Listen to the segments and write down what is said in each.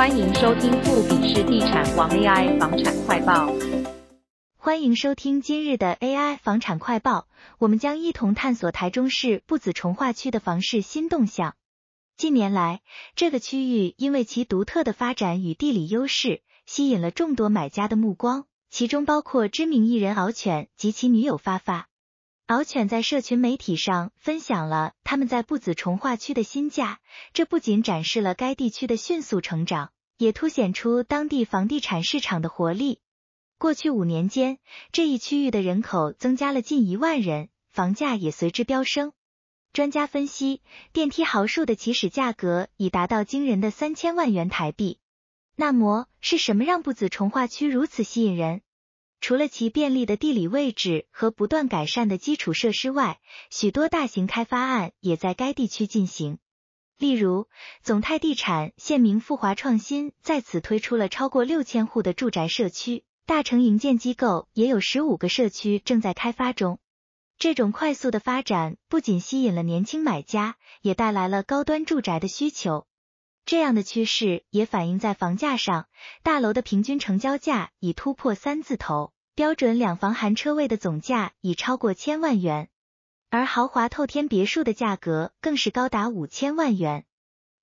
歡迎收聽富比士地產王 AI 房產快報。歡迎收聽今日的 AI 房產快報，我們將一同探索台中市廍子重劃區的房市新動向。近年來，這個區域因為其獨特的發展與地理優勢，吸引了眾多買家的目光，其中包括知名藝人敖犬及其女友發發。敖犬在社群媒體上分享了，他們在廍子重劃區的新家，這不僅展示了該地區的迅速成長，也凸顯出當地房地產市場的活力。過去五年間，這一區域的人口增加了近一萬人，房價也隨之飆升。專家分析，電梯豪墅的起始價格已達到驚人的三千萬元台幣。那麼，是什麼讓廍子重劃區如此吸引人？除了其便利的地理位置和不斷改善的基礎設施外，許多大型開發案也在該地區進行。例如，總太地產、現名富華創新，在此推出了超過六千戶的住宅社區；大成營建機構也有十五個社區正在開發中。這種快速的發展不僅吸引了年輕買家，也帶來了高端住宅的需求。這樣的趨勢也反映在房價上，大樓的平均成交價已突破三字頭，標準兩房含車位的總價已超過千萬元，而豪華透天別墅的價格更是高達五千萬元。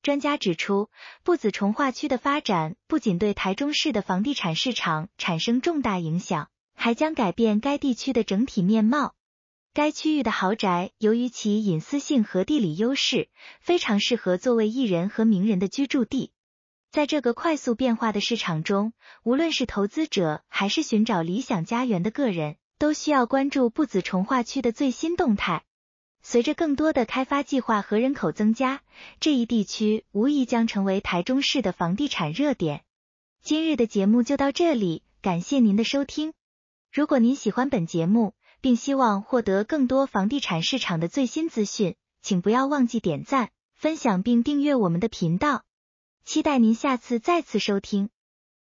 專家指出，廍子重劃區的發展不僅對臺中市的房地產市場產生重大影響，還將改變該地區的整體面貌。該區域的豪宅由於其隱私性和地理優勢，非常適合作為藝人和名人的居住地。在這個快速變化的市場中，無論是投資者還是尋找理想家園的個人，都需要關注廍子重劃區的最新動態。隨着更多的開發計劃和人口增加，這一地區無疑將成為台中市的房地產熱點。今日的節目就到這裡，感謝您的收聽。如果您喜歡本節目，並希望獲得更多房地產市場的最新資訊，請不要忘記點讚、分享並訂閱我們的頻道。期待您下次再次收聽。